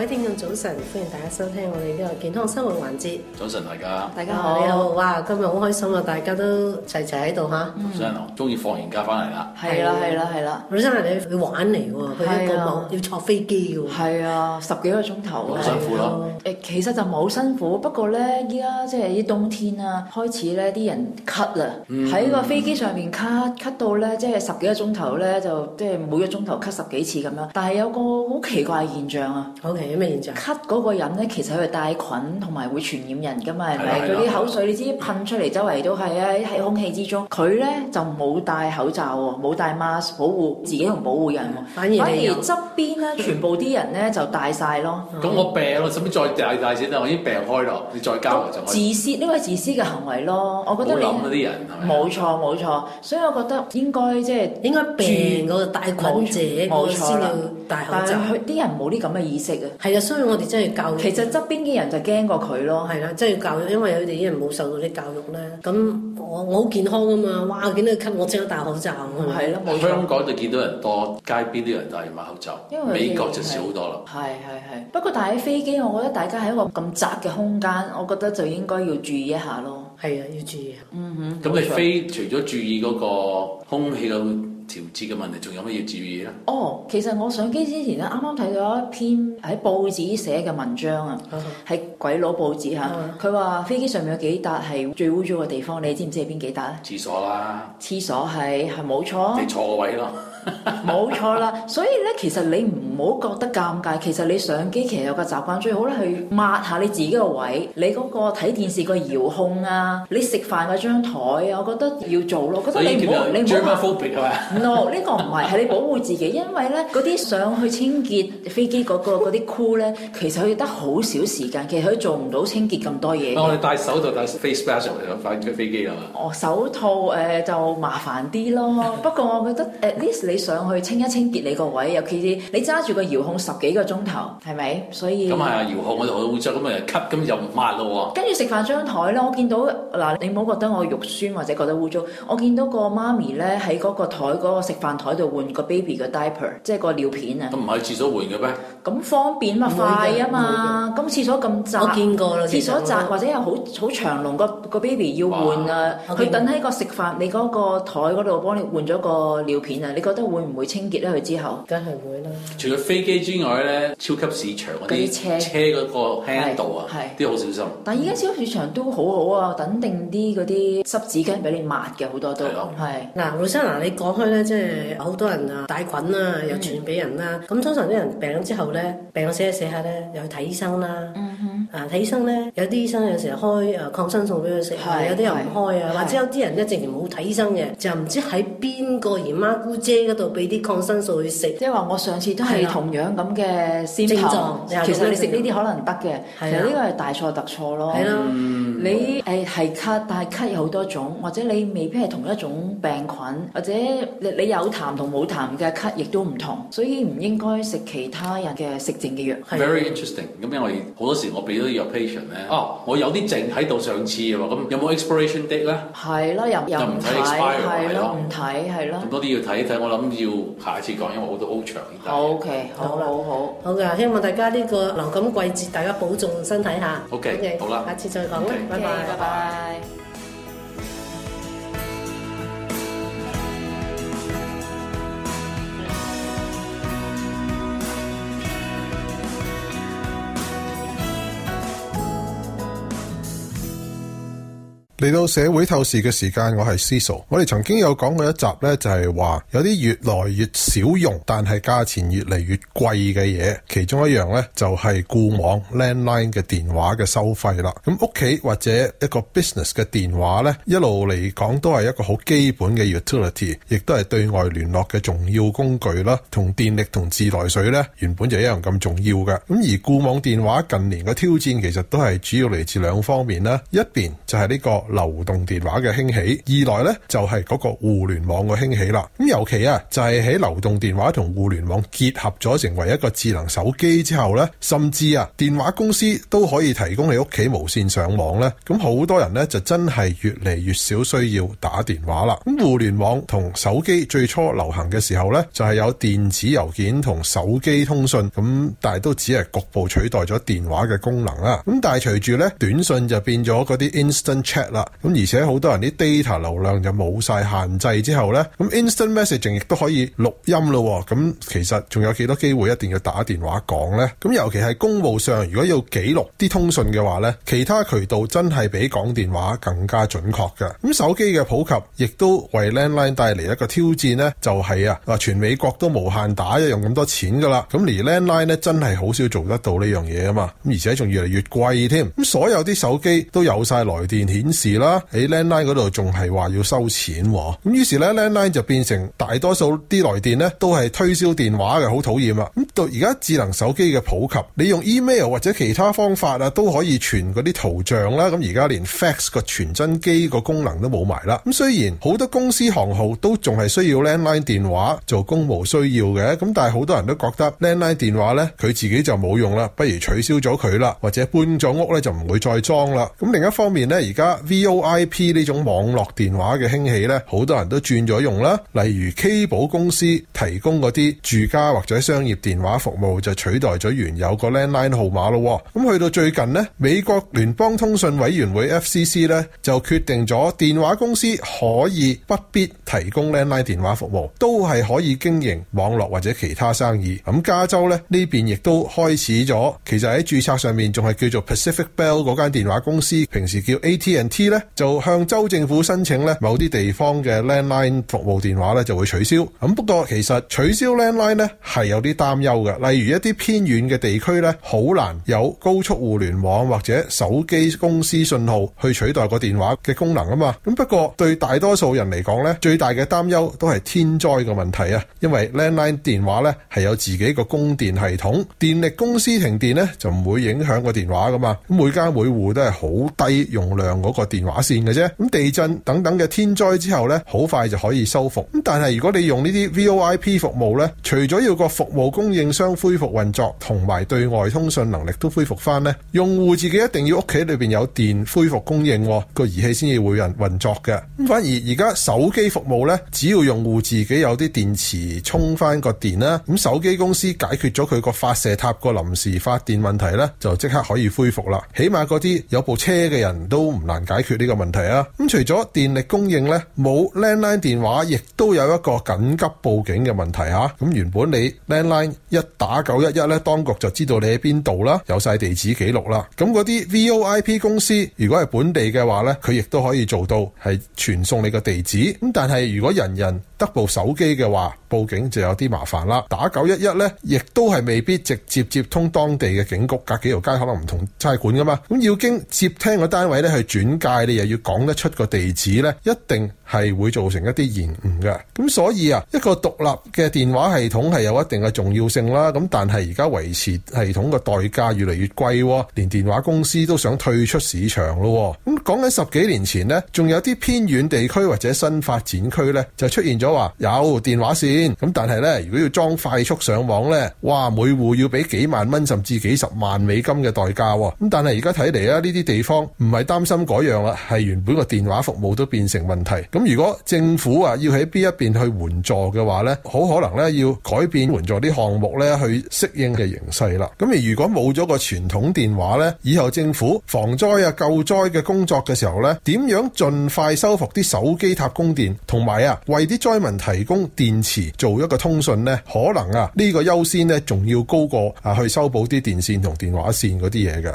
各位聽眾早晨，歡迎大家收聽我哋呢個健康生活環節。早晨，大家，大家好，你好。哇，今日好開心啊！大家都齊齊喺度吓。嗯。阿生，中意放完假翻嚟啦。係啦，係啦，係啦。阿生你玩嚟喎，去國外要坐飛機嘅。係啊，十幾個鐘頭。好辛苦。誒，其實就冇辛苦，不過咧依家即係啲冬天啊，開始咧啲人咳啊，喺個飛機上面咳咳到咧，即係十幾個鐘頭咧，就即係每一個鐘頭咳十幾次咁樣。但係有個好奇怪嘅現象啊。OK。咳嗰個人咧，其實佢係帶菌同埋會傳染人噶嘛，係咪對了？佢啲對了 口水你知，噴出嚟，周圍都係啊，喺空氣之中。佢咧就冇戴口罩喎，冇戴 mask 保護自己同保護人喎。反而側邊咧，全部啲人咧就戴晒咯。咁、嗯、我病咯，使唔使再戴戴先啊？我已經病了開咯，你再加就可以自私。呢個係自私嘅行為咯，我覺得冇諗嗰啲人冇錯，冇錯，所以我覺得應該即、就、係、是、應該病嗰個帶菌者嗰個先戴口罩，啲人冇啲咁嘅意識啊，係啊，所以我哋真係教育。其實側邊啲人就驚過佢咯，係啦，真係教育。因為佢哋啲人冇受到啲教育咧。咁我我好健康㗎嘛，哇！見到吸我即刻戴口罩。係咯、嗯，香港就見到人多，街邊啲人都係買口罩。因為美國就少好多啦。係係係。不過但係喺飛機，我覺得大家喺一個咁窄嘅空間，我覺得就應該要注意一下咯。係啊，要注意。嗯哼。咁你飛除咗注意嗰個空氣嘅？調節嘅問題，仲有咩要注意咧？哦，其實我上機之前咧，啱啱睇咗一篇喺報紙寫嘅文章啊，喺鬼佬報紙嚇。佢話 飛機上面有幾笪係最污糟嘅地方，你知唔知係邊幾笪咧？廁所啦，廁所係，係冇錯，你坐位咯。 冇 錯啦，所以咧其實你唔好覺得尷尬，其實你上機其實有個習慣最好咧，去抹下你自己個位，你嗰個睇電視個遙控啊，你食飯嗰張台啊，我覺得要做咯。我覺得你唔好以你唔好。claustrophobic，唔呢個唔係，係你保護自己，因為咧嗰啲上去清潔飛機嗰個嗰啲 crew 咧，其實佢得好少時間，其實佢做唔到清潔咁多嘢。我哋戴手套帶 face mask 嚟咯，翻出飛機係嘛？哦，手套誒、呃、就麻煩啲咯，不過我覺得 at least 你上去清一清潔你個位，尤其啲你揸住個遙控十幾個鐘頭，係咪？所以咁係啊，遙控我就好污糟，咁咪吸，咁唔抹咯。跟住食飯張台咧，我見到嗱，你唔好覺得我肉酸或者覺得污糟，我見到個媽咪咧喺嗰個台嗰個食飯台度換個 baby 嘅 diaper，即係個尿片啊。咁唔係廁所換嘅咩？咁方便嘛，快啊嘛。咁廁所咁窄，我見過啦。廁所窄或者有好好長龍，個個 baby 要換啊，佢等喺個食飯你嗰個台嗰度幫你換咗個尿片啊？你覺得？會唔會清潔咧？佢之後，梗係會啦。除咗飛機之外咧，超級市場嗰啲車車嗰個喺度啊，都好小心。但係而家超級市場都好好啊，等定啲嗰啲濕紙巾俾你抹嘅好多都係。嗱，老生嗱，你講開咧，即係好多人啊帶菌啊，又傳俾人啦。咁通常啲人病咗之後咧，病咗死下死下咧，又去睇醫生啦。啊，睇醫生咧，有啲醫生有時候開誒抗生素俾佢食，有啲又唔開啊。或者有啲人咧，直情冇睇醫生嘅，就唔知喺邊個姨媽姑姐度俾啲抗生素去食，即係話我上次都係同樣咁嘅先症。啊、正正其實你食呢啲可能得嘅，啊、其實呢個係大錯特錯咯。係咯，啊，你誒係咳，但係咳有好多種，啊、或者你未必係同一種病菌，或者你你有痰同冇痰嘅咳亦都唔同，所以唔應該食其他人嘅食剩嘅藥。啊、Very interesting。咁因為好多時我俾咗啲藥 patient 咧，啊，我有啲剩喺度上次嘅，咁有冇 expiration date 咧？係咯、啊，又又唔睇，係咯，唔睇係咯。by 啊啊、多啲要睇睇我諗。咁要下一次講，因為好多好長。好 OK，好啦好好，好好好嘅，希望大家呢個流感季節大家保重身體下 OK，好啦，下次再講。拜拜拜拜。Bye, 嚟到社會透視嘅時間，我係 Cecil。我哋曾經有講過一集呢就係、是、話有啲越來越少用，但係價錢越嚟越貴嘅嘢。其中一樣呢，就係、是、固網 landline 嘅電話嘅收費啦。咁屋企或者一個 business 嘅電話呢，一路嚟講都係一個好基本嘅 utility，亦都係對外聯絡嘅重要工具啦。同電力同自來水呢，原本就一樣咁重要嘅。咁而固網電話近年嘅挑戰，其實都係主要嚟自兩方面啦。一邊就係呢、這個。流動電話嘅興起，二來呢就係嗰個互聯網嘅興起啦。咁尤其啊，就係喺流動電話同互聯網結合咗，成為一個智能手機之後呢，甚至啊，電話公司都可以提供你屋企無線上網呢。咁好多人呢，就真係越嚟越少需要打電話啦。咁互聯網同手機最初流行嘅時候呢，就係有電子郵件同手機通訊，咁但係都只係局部取代咗電話嘅功能啦。咁但係隨住呢，短信就變咗嗰啲 instant chat 啦。咁而且好多人啲 data 流量就冇晒限制之後咧，咁 Instant Messaging 亦都可以錄音咯。咁其實仲有幾多機會一定要打電話講咧？咁尤其係公務上，如果要記錄啲通訊嘅話咧，其他渠道真係比講電話更加準確嘅。咁手機嘅普及，亦都為 Landline 帶嚟一個挑戰咧，就係啊，全美國都無限打用咁多錢噶啦。咁而 Landline 咧真係好少做得到呢樣嘢啊嘛。咁而且仲越嚟越貴添。咁所有啲手機都有晒來電顯示。而啦喺 landline 嗰度仲係話要收錢啊，咁於是咧 landline 就變成大多數啲來電咧都係推銷電話嘅，好討厭啊！咁到而家智能手機嘅普及，你用 email 或者其他方法啊都可以傳嗰啲圖像啦。咁而家連 fax 個傳真機個功能都冇埋啦。咁雖然好多公司行號都仲係需要 landline 電話做公務需要嘅，咁但係好多人都覺得 landline 電話咧佢自己就冇用啦，不如取消咗佢啦，或者搬咗屋咧就唔會再裝啦。咁另一方面咧而家 VoIP 呢種網絡電話嘅興起呢，好多人都轉咗用啦。例如 K 寶公司提供嗰啲住家或者商業電話服務，就取代咗原有個 landline 號碼咯。咁去到最近呢，美國聯邦通訊委員會 FCC 咧就決定咗，電話公司可以不必提供 landline 電話服務，都係可以經營網絡或者其他生意。咁加州呢邊亦都開始咗，其實喺註冊上面仲係叫做 Pacific Bell 嗰間電話公司，平時叫 AT&T。咧就向州政府申請咧，某啲地方嘅 landline 服務電話咧就會取消。咁不過其實取消 landline 咧係有啲擔憂嘅，例如一啲偏遠嘅地區咧好難有高速互聯網或者手機公司信號去取代個電話嘅功能啊嘛。咁不過對大多數人嚟講咧，最大嘅擔憂都係天災嘅問題啊，因為 landline 電話咧係有自己個供電系統，電力公司停電咧就唔會影響個電話噶嘛。咁每家每戶都係好低容量嗰個電電話線嘅啫，咁地震等等嘅天災之後呢，好快就可以修復。咁但係如果你用呢啲 VOIP 服務呢，除咗要個服務供應商恢復運作，同埋對外通訊能力都恢復翻呢，用戶自己一定要屋企裏邊有電恢復供應個儀器先至會人運作嘅。咁反而而家手機服務呢，只要用戶自己有啲電池充翻個電啦，咁手機公司解決咗佢個發射塔個臨時發電問題呢，就即刻可以恢復啦。起碼嗰啲有部車嘅人都唔難解。解決呢個問題啊！咁除咗電力供應呢，冇 landline 電話，亦都有一個緊急報警嘅問題啊！咁原本你 landline 一打九一一呢，當局就知道你喺邊度啦，有晒地址記錄啦。咁嗰啲 VoIP 公司，如果係本地嘅話呢，佢亦都可以做到係傳送你個地址。咁但係如果人人得部手機嘅話，報警就有啲麻煩啦。打九一一呢，亦都係未必直接接通當地嘅警局，隔幾條街可能唔同差館㗎嘛。咁要經接聽嘅單位咧去轉介。但係你又要講得出個地址呢，一定係會造成一啲延誤嘅。咁所以啊，一個獨立嘅電話系統係有一定嘅重要性啦。咁但係而家維持系統嘅代價越嚟越貴，連電話公司都想退出市場咯。咁講緊十幾年前呢，仲有啲偏遠地區或者新發展區呢，就出現咗話有電話線。咁但係呢，如果要裝快速上網呢，哇，每戶要俾幾萬蚊甚至幾十萬美金嘅代價。咁但係而家睇嚟啊，呢啲地方唔係擔心嗰樣。係原本個電話服務都變成問題，咁如果政府啊要喺邊一邊去援助嘅話呢，好可能咧要改變援助啲項目咧，去適應嘅形勢啦。咁而如果冇咗個傳統電話呢，以後政府防災啊救災嘅工作嘅時候呢，點樣盡快修復啲手機塔供電，同埋啊為啲災民提供電池做一個通訊呢？可能啊呢個優先呢仲要高過啊去修補啲電線同電話線嗰啲嘢嘅。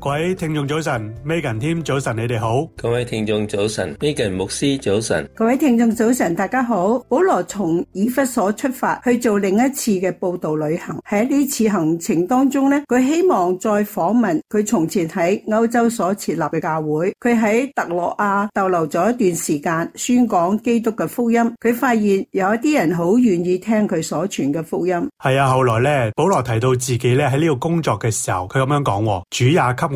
各位聽眾早晨，Megan 添早晨，你哋好。各位聽眾早晨，Megan 牧師早晨。各位聽眾早晨，大家好。保羅從以弗所出發去做另一次嘅布道旅行，喺呢次行程當中咧，佢希望再訪問佢從前喺歐洲所設立嘅教會。佢喺特洛亞逗留咗一段時間，宣講基督嘅福音。佢發現有一啲人好願意聽佢所傳嘅福音。係啊，後來咧，保羅提到自己咧喺呢度工作嘅時候，佢咁樣講：主也給。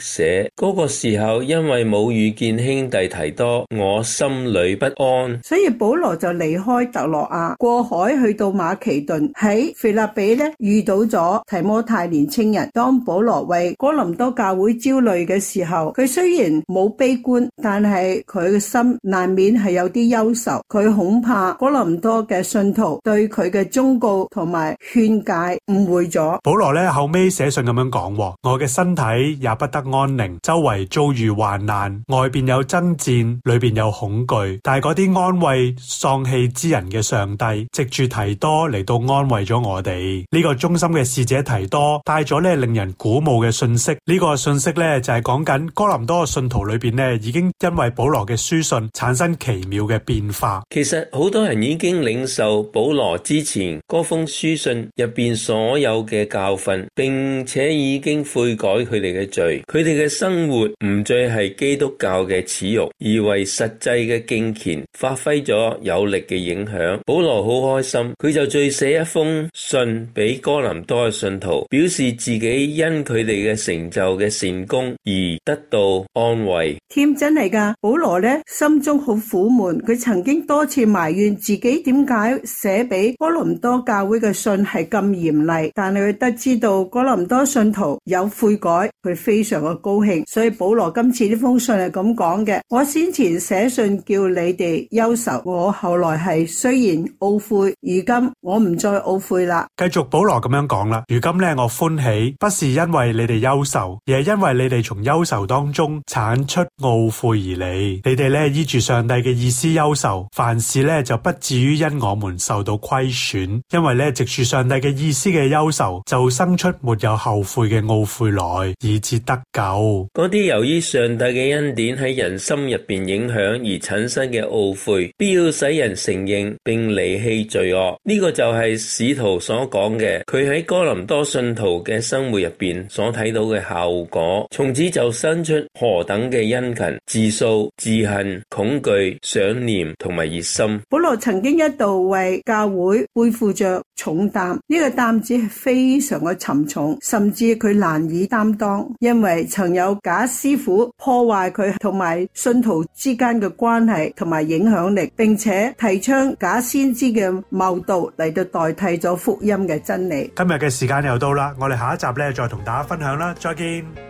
寫嗰個時候，因為冇遇見兄弟提多，我心裏不安，所以保羅就離開特洛亞，過海去到馬其頓。喺腓立比呢遇到咗提摩太年青人。當保羅為哥林多教會焦慮嘅時候，佢雖然冇悲觀，但係佢嘅心難免係有啲憂愁。佢恐怕哥林多嘅信徒對佢嘅忠告同埋勸解誤會咗。保羅咧後尾寫信咁樣講：我嘅身體也不。得安寧，周圍遭遇患難，外邊有爭戰，裏邊有恐懼。但係嗰啲安慰喪氣之人嘅上帝，藉住提多嚟到安慰咗我哋。呢個忠心嘅使者提多帶咗咧令人鼓舞嘅信息。呢個信息咧就係講緊哥林多嘅信徒裏邊咧已經因為保羅嘅書信產生奇妙嘅變化。其實好多人已經領受保羅之前嗰封書信入邊所有嘅教訓，並且已經悔改佢哋嘅罪。佢哋嘅生活唔再係基督教嘅恥辱，而為實際嘅敬虔發揮咗有力嘅影響。保羅好開心，佢就再寫一封信俾哥林多嘅信徒，表示自己因佢哋嘅成就嘅善功而得到安慰。添真嚟噶，保羅呢心中好苦悶，佢曾經多次埋怨自己點解寫俾哥林多教會嘅信係咁嚴厲，但係佢得知到哥林多信徒有悔改，佢非。非常嘅高興，所以保羅今次呢封信係咁講嘅。我先前寫信叫你哋憂愁，我後來係雖然懊悔，如今我唔再懊悔啦。繼續保羅咁樣講啦。如今咧我歡喜，不是因為你哋憂愁，而係因為你哋從憂愁當中產出懊悔而嚟。你哋咧依住上帝嘅意思憂愁，凡事咧就不至於因我們受到虧損，因為咧直住上帝嘅意思嘅憂愁，就生出沒有後悔嘅懊悔來，以至得。嗰啲由於上帝嘅恩典喺人心入邊影響而產生嘅懊悔，必要使人承認並離棄罪惡。呢個就係使徒所講嘅，佢喺哥林多信徒嘅生活入邊所睇到嘅效果。從此就生出何等嘅殷勤、自訴、自恨、恐懼、想念同埋熱心。保羅曾經一度為教會背負着重擔，呢、這個擔子係非常嘅沉重，甚至佢難以擔當，因為曾有假師傅破壞佢同埋信徒之間嘅關係同埋影響力，並且提倡假先知嘅謬道嚟到代替咗福音嘅真理。今日嘅時間又到啦，我哋下一集咧再同大家分享啦，再見。